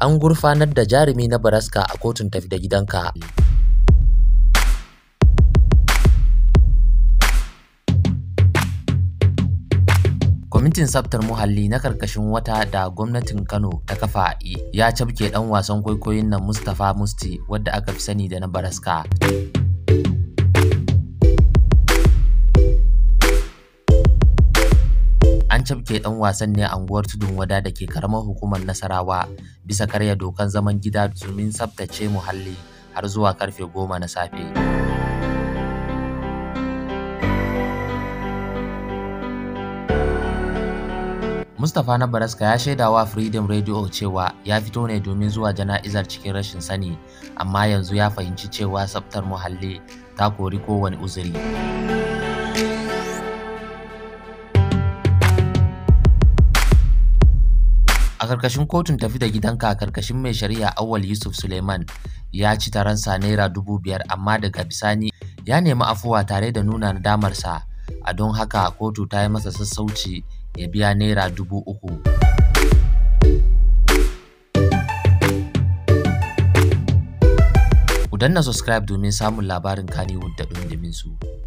an gurfanar da jarumi na Baraska a kotun tafi da gidanka. kwamitin tsaftar muhalli na karkashin wata da gwamnatin kano ta kafa ya cafke dan wasan kwaikwayon nan mustapha musti wadda aka fi sani da na baraska an cafke ɗan wasan ne a unguwar tudun wada da ke karamar hukumar nasarawa bisa karya dokan zaman gida domin tsabtace muhalli har zuwa karfe goma na safe mustapha na baraska ya shaida wa freedom radio cewa ya fito ne domin zuwa jana'izar cikin rashin sani amma yanzu ya fahimci cewa tsabtar muhalli ta kori kowane uzuri a karkashin kotun tafi da gidanka a karkashin mai shari'a awal yusuf suleiman ya ci taransa naira dubu biyar amma daga bisani ya nemi afuwa tare da nuna damarsa, a don haka kotu ta yi masa sassauci ya biya naira dubu uku ku danna subscribe domin samun labarin kaniwood da dundumin su